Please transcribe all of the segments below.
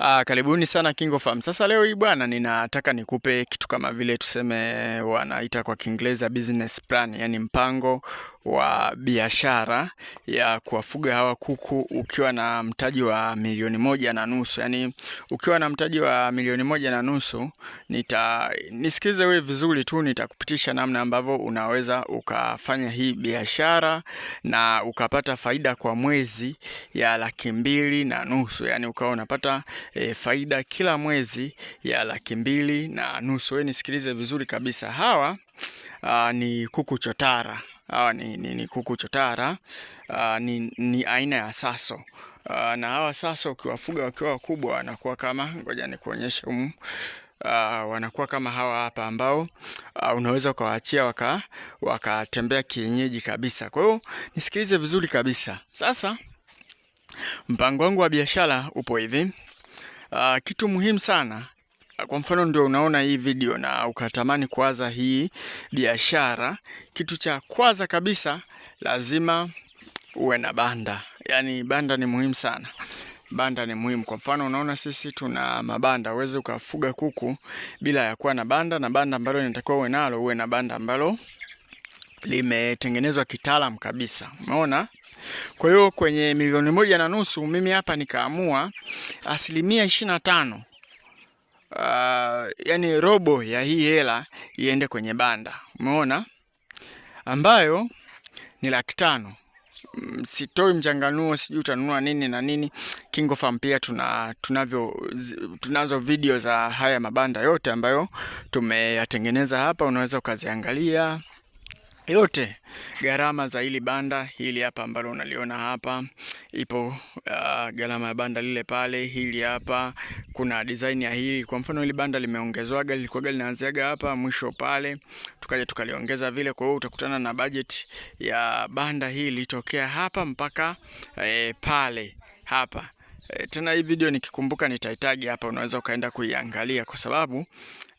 Aa, ah, karibuni sana KingoFarm. Sasa leo hii bwana, ninataka nikupe kitu kama vile tuseme wanaita kwa Kiingereza business plan, yani mpango wa biashara ya kuwafuga hawa kuku ukiwa na mtaji wa milioni moja na nusu. Yani ukiwa na mtaji wa milioni moja na nusu, nita nisikize wewe vizuri tu, nitakupitisha namna ambavyo unaweza ukafanya hii biashara na ukapata faida kwa mwezi ya laki mbili na nusu, yani ukawa unapata e, faida kila mwezi ya laki mbili na nusu. Wewe nisikilize vizuri kabisa, hawa a, ni kuku chotara hawa ah, ni, ni, ni kuku chotara uh, ni, ni aina ya saso uh, na hawa saso ukiwafuga wakiwa wakubwa wanakuwa kama, ngoja nikuonyeshe humu Uh, wanakuwa kama hawa hapa ambao uh, unaweza ukawaachia waka wakatembea kienyeji kabisa. Kwa hiyo nisikilize vizuri kabisa. Sasa mpango wangu wa biashara upo hivi. Uh, kitu muhimu sana kwa mfano ndio unaona hii video na ukatamani kuanza hii biashara, kitu cha kwanza kabisa lazima uwe na banda. Yani banda ni muhimu sana, banda ni muhimu. Kwa mfano unaona sisi tuna mabanda, uweze ukafuga kuku bila ya kuwa na banda, na banda ambalo inatakiwa uwe nalo, uwe na banda ambalo limetengenezwa kitaalam kabisa, umeona. Kwa hiyo kwenye milioni moja na nusu mimi hapa nikaamua asilimia ishirini na tano uh, yani robo ya hii hela iende kwenye banda, umeona, ambayo ni laki tano. Mm, sitoi mchanganuo, sijui utanunua nini na nini. KingoFarm pia tuna tunavyo tunazo video za haya mabanda yote ambayo tumeyatengeneza hapa, unaweza ukaziangalia yote gharama za hili banda hili hapa ambalo unaliona hapa, ipo uh, gharama ya banda lile pale, hili hapa kuna design ya hili. Kwa mfano hili banda limeongezwaga, lilikuwa linaanziaga hapa mwisho pale, tukaja tukaliongeza vile. Kwa hiyo utakutana na bajeti ya banda hili tokea hapa mpaka eh, pale hapa E, tena hii video nikikumbuka nitahitaji hapa, unaweza ukaenda kuiangalia kwa sababu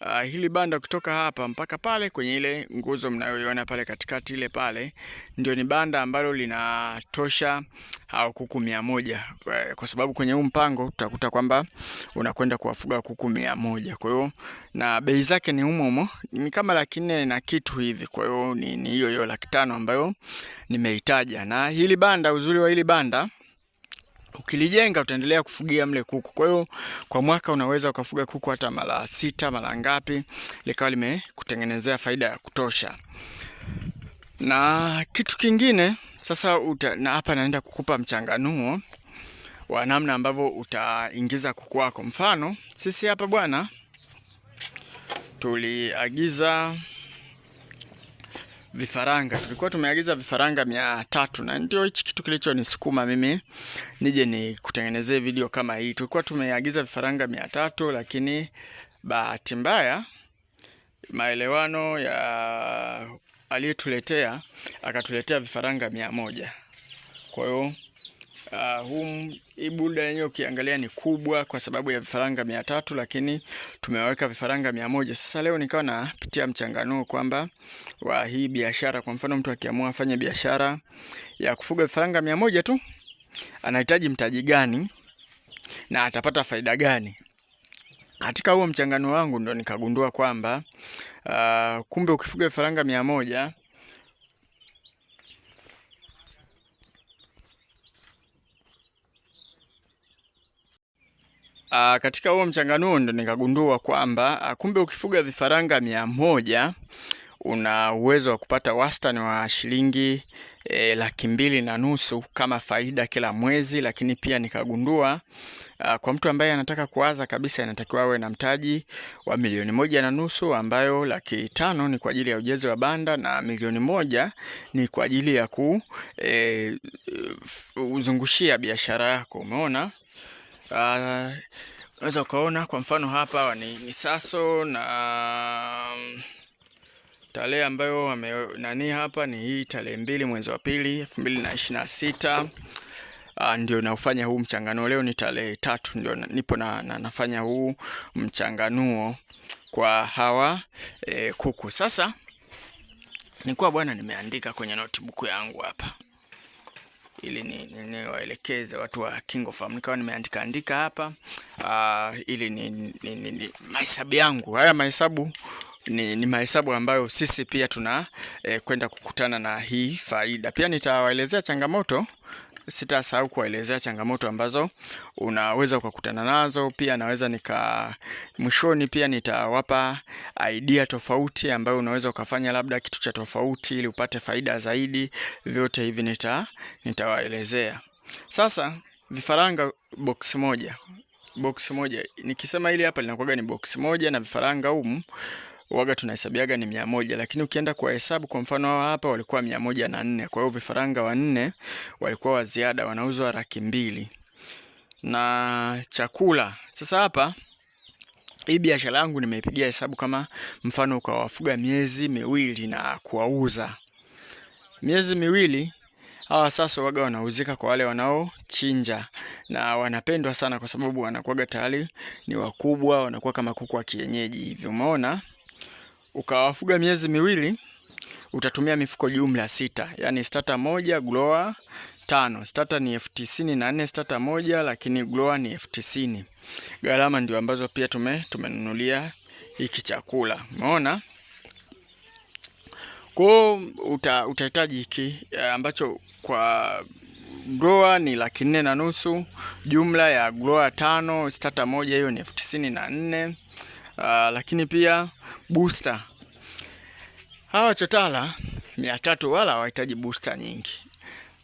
uh, hili banda kutoka hapa mpaka pale kwenye ile nguzo mnayoiona pale katikati ile pale ndio ni banda ambalo linatosha au ah, kuku mia moja eh, kwa sababu kwenye huu mpango utakuta kwamba unakwenda kuwafuga kuku mia moja kwa hiyo na bei zake ni humo humo, ni kama laki nne na kitu hivi. Kwa hiyo ni hiyo hiyo laki tano ambayo nimeitaja, na hili banda, uzuri wa hili banda ukilijenga utaendelea kufugia mle kuku. Kwa hiyo kwa mwaka unaweza ukafuga kuku hata mara sita, mara ngapi, likawa limekutengenezea faida ya kutosha. Na kitu kingine sasa uta, na hapa naenda kukupa mchanganuo wa namna ambavyo utaingiza kuku wako. Mfano sisi hapa bwana tuliagiza vifaranga. Tulikuwa tumeagiza vifaranga mia tatu na ndio hichi kitu kilicho nisukuma mimi nije ni kutengenezee video kama hii. Tulikuwa tumeagiza vifaranga mia tatu lakini bahati mbaya maelewano ya aliyetuletea akatuletea vifaranga mia moja. Kwa hiyo Uh, ah, hum, hii bulda yenyewe ukiangalia ni kubwa kwa sababu ya vifaranga mia tatu lakini tumeweka vifaranga mia moja. Sasa leo nikawa napitia mchanganuo kwamba wa hii biashara, kwa mfano mtu akiamua afanye biashara ya kufuga vifaranga mia moja tu anahitaji mtaji gani na atapata faida gani? Katika huo mchanganuo wangu ndo nikagundua kwamba uh, kumbe ukifuga vifaranga mia moja Aa, ah, katika huo mchanganuo ndo nikagundua kwamba ah, kumbe ukifuga vifaranga mia moja una uwezo wa kupata wastani wa shilingi e, laki mbili na nusu kama faida kila mwezi, lakini pia nikagundua ah, kwa mtu ambaye anataka kuanza kabisa inatakiwa awe na mtaji wa milioni moja na nusu ambayo laki tano ni kwa ajili ya ujenzi wa banda na milioni moja ni kwa ajili ya ku e, biashara yako, umeona. Ah, unaweza uh, ukaona kwa mfano hapa ni, ni Saso na um, tarehe ambayo nani hapa ni hii tarehe mbili mwezi wa pili elfu mbili na ishirini na sita ah, ndio naufanya huu mchanganuo leo. Ni tarehe tatu ndio nipo na, na nafanya huu mchanganuo kwa hawa e, kuku. Sasa nilikuwa bwana, nimeandika kwenye notebook yangu hapa ili niwaelekeze ni, ni watu wa KingoFarm. Nikawa nimeandika andika hapa uh, ili ni, ni, ni, ni, mahesabu yangu haya mahesabu ni, ni mahesabu ambayo sisi pia tuna eh, kwenda kukutana na hii faida. Pia nitawaelezea changamoto sitasahau kuwaelezea changamoto ambazo unaweza ukakutana nazo. Pia naweza nika mwishoni, pia nitawapa idea tofauti ambayo unaweza ukafanya labda kitu cha tofauti, ili upate faida zaidi. Vyote hivi nita nitawaelezea. Sasa vifaranga box moja, box moja nikisema hili hapa linakuwa ni box moja na vifaranga humu waga tunahesabiaga ni mia moja, lakini ukienda kwa hesabu, kwa mfano hawa hapa walikuwa mia moja na nne. Kwa hiyo vifaranga wanne walikuwa waziada wanauzwa laki mbili na chakula. Sasa hapa hii biashara yangu nimeipigia hesabu kama mfano ukawafuga miezi miwili na kuwauza miezi miwili hawa sasa waga wanauzika kwa wale wanaochinja na wanapendwa sana, kwa sababu wanakuwaga tayari ni wakubwa, wanakuwa kama kuku wa kienyeji hivyo, umeona ukawafuga miezi miwili, utatumia mifuko jumla sita, yaani stata moja grower tano. Stata ni elfu tisini na nne stata moja, lakini grower ni elfu tisini. Gharama ndio ambazo pia tume tumenunulia hiki chakula, umeona. ko uta utahitaji hiki eh, ambacho kwa grower ni laki nne na nusu, jumla ya grower tano, stata moja, hiyo ni elfu tisini na nne uh, lakini pia booster. Hawa chotara mia tatu wala hawahitaji booster nyingi.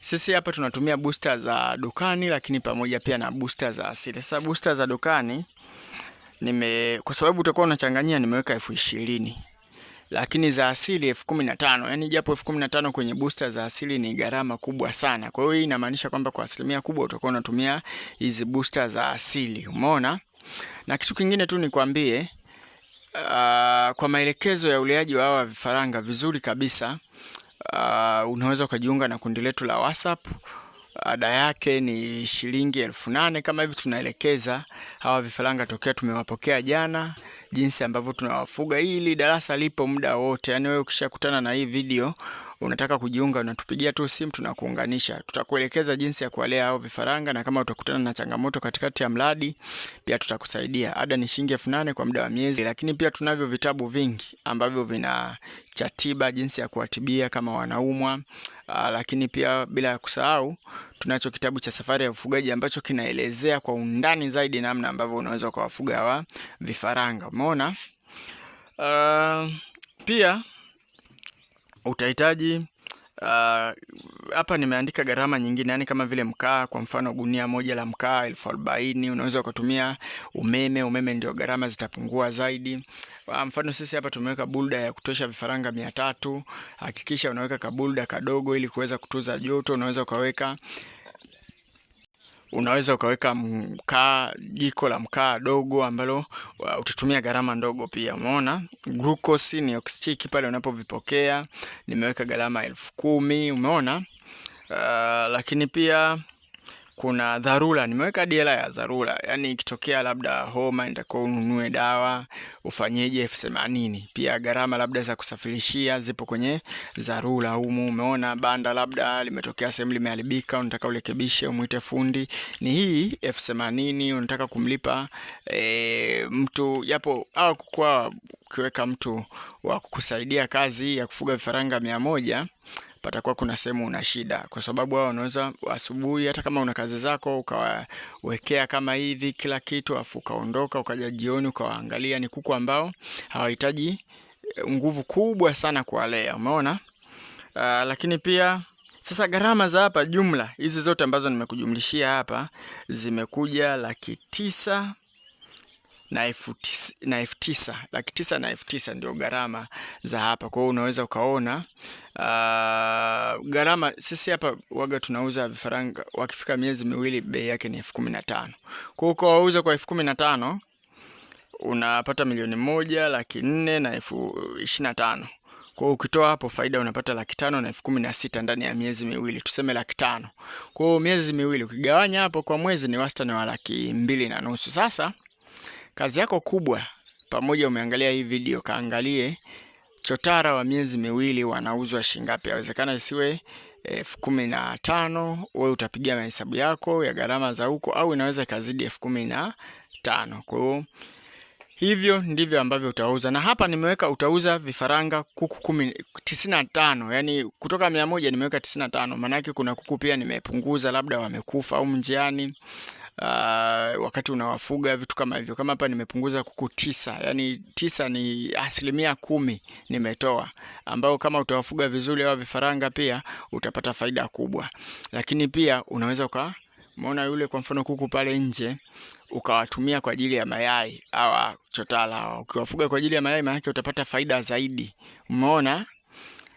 Sisi hapa tunatumia booster za dukani, lakini pamoja pia na booster za asili. Sasa booster za dukani nime, kwa sababu utakuwa unachanganyia, nimeweka elfu ishirini lakini za asili elfu kumi na tano yani japo elfu kumi na tano kwenye booster za asili ni gharama kubwa sana. Kwa hiyo hii inamaanisha kwamba kwa asilimia kubwa utakuwa unatumia hizi booster za asili, umeona. Na kitu kingine tu nikwambie Uh, kwa maelekezo ya uleaji wa hawa vifaranga vizuri kabisa uh, unaweza ukajiunga na kundi letu la WhatsApp. Ada yake ni shilingi elfu nane kama hivi tunaelekeza hawa vifaranga tokea tumewapokea jana, jinsi ambavyo tunawafuga. Hili darasa lipo muda wote, yaani wewe ukishakutana na hii video unataka kujiunga, unatupigia tu simu, tunakuunganisha. Tutakuelekeza jinsi ya kuwalea hao vifaranga, na kama utakutana na changamoto katikati ya mradi, pia tutakusaidia. Ada ni shilingi elfu nane kwa muda wa miezi, lakini pia tunavyo vitabu vingi ambavyo vina cha tiba, jinsi ya kuwatibia kama wanaumwa. Aa, ah, lakini pia bila ya kusahau tunacho kitabu cha safari ya ufugaji ambacho kinaelezea kwa undani zaidi namna ambavyo unaweza ukawafuga hawa vifaranga. Umeona? Uh, pia utahitaji uh, hapa uh, nimeandika gharama nyingine, yani kama vile mkaa. Kwa mfano gunia moja la mkaa elfu arobaini. Unaweza ukatumia umeme, umeme ndio gharama zitapungua zaidi. Uh, mfano sisi hapa tumeweka bulda ya kutosha vifaranga mia tatu. Hakikisha unaweka kabulda kadogo ili kuweza kutuza joto. Unaweza ukaweka unaweza ukaweka mkaa, jiko la mkaa dogo ambalo utatumia gharama ndogo pia. Umeona glucose ni oxytic pale unapovipokea, nimeweka gharama elfu kumi. Umeona uh, lakini pia kuna dharura, nimeweka hadi ya dharura, yani ikitokea labda homa nitakuwa ununue dawa ufanyeje elfu themanini. Pia gharama labda za kusafirishia zipo kwenye dharura humu. Umeona banda labda limetokea sehemu limeharibika, unataka urekebishe, umwite fundi, ni hii elfu themanini unataka kumlipa e, mtu japo au kukuwa ukiweka mtu wa kukusaidia kazi ya kufuga vifaranga mia moja patakuwa kuna sehemu una shida, kwa sababu wao unaweza asubuhi, hata kama una kazi zako ukawawekea kama hivi kila kitu, afu ukaondoka ukaja jioni ukawaangalia. Ni kuku ambao hawahitaji eh, nguvu kubwa sana kuwalea, umeona. Ah, lakini pia sasa gharama za hapa jumla hizi zote ambazo nimekujumlishia hapa zimekuja laki tisa na elfu na elfu tisa laki tisa na elfu tisa ndio gharama za hapa. Kwa hiyo unaweza ukaona uh, gharama sisi hapa waga tunauza vifaranga wakifika miezi miwili bei yake ni elfu kumi na tano. Kwa hiyo ukawauza kwa elfu kumi na tano unapata milioni moja laki nne na elfu ishirini na tano. Kwa hiyo ukitoa hapo faida unapata laki tano na elfu kumi na sita ndani ya miezi miwili, tuseme laki tano. Kwa hiyo miezi miwili ukigawanya hapo kwa mwezi ni wastani wa laki mbili na nusu. Sasa Kazi yako kubwa, pamoja umeangalia hii video, kaangalie chotara wa miezi miwili wanauzwa shingapi. Yawezekana isiwe eh, elfu kumi na tano, wewe utapiga mahesabu yako ya gharama za huko, au inaweza ikazidi elfu kumi na tano. Kwa hiyo hivyo ndivyo ambavyo utauza, na hapa nimeweka utauza vifaranga kuku kumi tisini na tano, yani kutoka mia moja nimeweka tisini na tano, maanake kuna kuku pia nimepunguza, labda wamekufa au mjiani uh, wakati unawafuga vitu kama hivyo. Kama hapa nimepunguza kuku tisa, yani tisa ni asilimia kumi nimetoa, ambao kama utawafuga vizuri au vifaranga pia utapata faida kubwa. Lakini pia unaweza uka umeona yule kwa mfano kuku pale nje ukawatumia kwa ajili ya mayai, hawa chotala ukiwafuga kwa ajili ya mayai, maanake utapata faida zaidi. Umeona?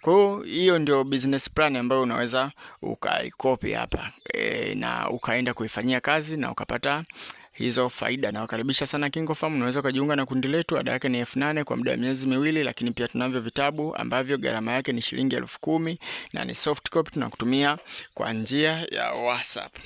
Kwa hiyo hiyo ndio business plan ambayo unaweza ukaikopi hapa e, na ukaenda kuifanyia kazi na ukapata hizo faida. Nawakaribisha sana KingoFarm, unaweza ukajiunga na kundi letu. Ada yake ni elfu nane kwa muda wa miezi miwili, lakini pia tunavyo vitabu ambavyo gharama yake ni shilingi elfu kumi na ni soft copy tunakutumia kwa njia ya WhatsApp.